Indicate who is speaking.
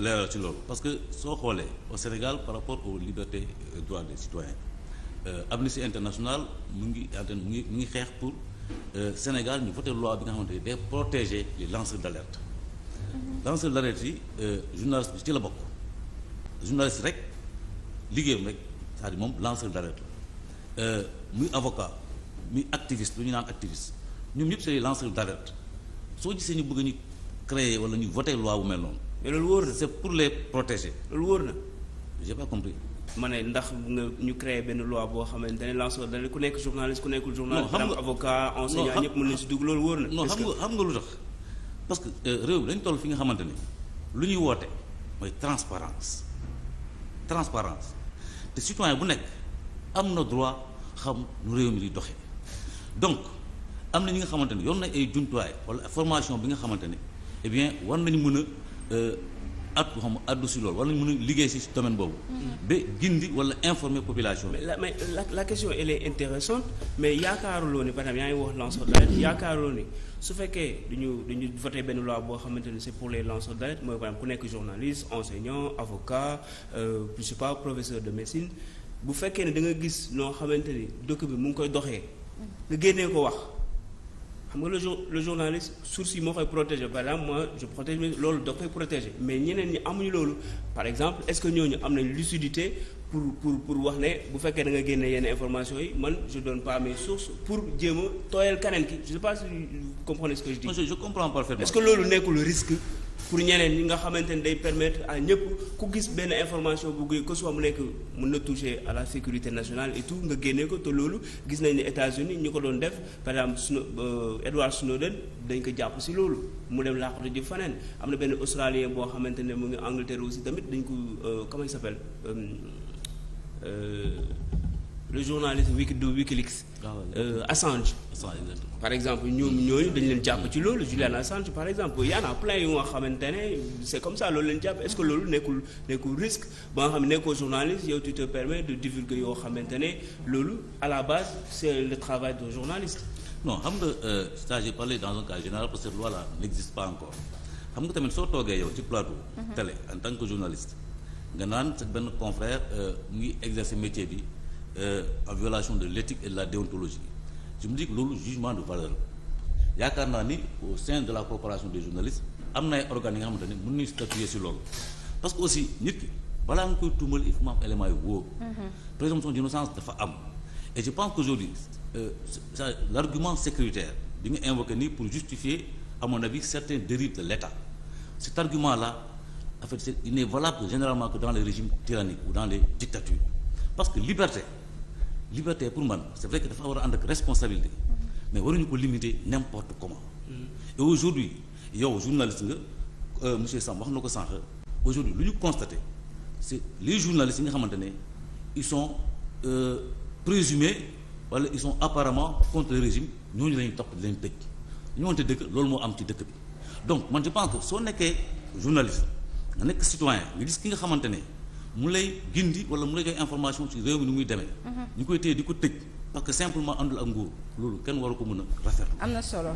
Speaker 1: leeral ci loolu parce que soo xoolee au Sénégal par rapport au libertés et droits des citoyens euh, Amnesty International mu ngi en mu ngi mu ngi xeex pour euh, Sénégal ñu voté loi bi nga xamante ne day protéger les lanceurs d'alerte mm-hmm. lanceurs d'alerte yi euh, journaliste bi ci la bokk journaliste rek liggéeyam rek cest à moom lanceur d'alerte la euh, muy avocat muy activiste lu ñu naan activiste ñoom ñëpp c'est les lanceurs d'alerte soo gisee ñu bëgg ñu créer wala ñu voté loi bu mel mais loolu wóor na c'est pour les protéger loolu wóor na j'ai pas compris ma ne ndax nga
Speaker 2: ñu créer benn loi boo xamante ne lanceur dana ku nekk journaliste ku nekkul journaliste am avocat enseignant ñëpp
Speaker 1: mën nañ si dugg loolu wóor xam nga lu tax parce que euh, réew bi dañ toll fi nga xamante ni lu ñuy woote mooy transparence transparence te citoyen bu nekk am na droit xam nu réew mi di doxee donc am na ñi nga xamante ni yoon nañ ay jumtuwaay wala formation bi nga xamante ni eh war nañu mën Euh, at xam addu si loolu war nañu mën liggéey si domaine boobu. Mm-hmm. ba gindi wala informé population bi. mais
Speaker 2: mais la la question elle est intéressante mais yaakaaruloo ni par yaa ngi wax lanceur d'alerte yaakaaruloo ni su fekkee duñu duñu voté benn loi boo xamante ni c'est pour les lanceurs d'alerte mooy par exemple ku nekk journaliste enseignant avocat euh, je sais pas professeur de médecine bu fekkee ne da nga gis noo xamante ni dëkk bi mu ngi koy doxee nga génnee ko wax. xam nga le jour le journaliste source yi moo koy protégé par exemple moi je protège loolu da koy protégé mais ñeneen ñi amuñu loolu par exemple est-ce que ñooñu am nañ lucidité pour pour pour wax ne bu fekkee da nga génne yenn information yi man je donne pas mes sources pour jéem tooyal kaneen ki je sais pas si ce que je dis. je comprends parfaitement. est-ce loolu nekkul risque. pour ñeneen ñi nga xamante ne day permettre à ñëpp ku gis benn information bu guy que soit mu nekk mën na toucher à la sécurité nationale et tout nga génne ko te loolu gis nañ ne États-Unis ñu ko doon def par exemple Snow euh, Edward Snowden dañ ko jàpp si loolu mu dem laaxatu di faneen am na benn australien boo xamante ne mu ngi Angleterre aussi tamit dañ ko euh, comment il s'appelle euh, le journaliste wiki de Wikileaks ah euh, Assange par exemple ñoom ñooñu dañ leen jàpp ci loolu Julian Assange par exemple y en a plein yu nga xamante ne c'est comme ça loolu leen jàpp est-ce loolu nekkul nekkul risque ba nga xam ne nekkoo journaliste yow tu te permets de divulguer
Speaker 1: yoo xamante ne loolu à la base c'est le travail d'un journaliste non xam nga ça euh, j'ai parlé dans un cas général parce que loi là n'existe pas encore xam nga tamit soo toogee yow ci plateau mhm. télé en tant que journaliste euh, bi Euh, en violation de l'éthique et de la déontologie je me dis que loolu jugement de valeur yaakaar naa ni au sein de la corporation des journalistes am na ay organes nga xamante ne mën nañu statuer si loolu parce que aussi nit ki balaa nga koy tuumal il faut mu am élément yu wóor mm-hmm. présomption d'innocence dafa am et je pense qu'aujourd'hui euh, l'argument sécuritaire bi nga invoqué nii pour justifier à mon avis certaines dérives de l'État cet argument là en fait que généralement liberté pour man c'est vrai que dafa war a ànd ak responsabilité mais waruñu ko limiter n'importe comment et aujourd'hui yow journaliste nga euh, monsieur Sam wax na ko sànq aujourd'hui lu ñu constaté c'est les journalistes yi nga xamante ne ils sont euh, présumés wala ils sont apparemment contre le régime ñooñu lañu topp di leen tëj ñu wante dëkk loolu moo am ci dëkk bi donc man je pense que soo nekkee journaliste nga nekk citoyen nga gis ki nga xamante ne mu lay gindi wala mu lay jox information ci réew mi ni muy demee. Mhm. ñu koy téye di ko tëj parce que simplement àndul ak nguur loolu kenn waru ko mën a rafetlu. am na solo.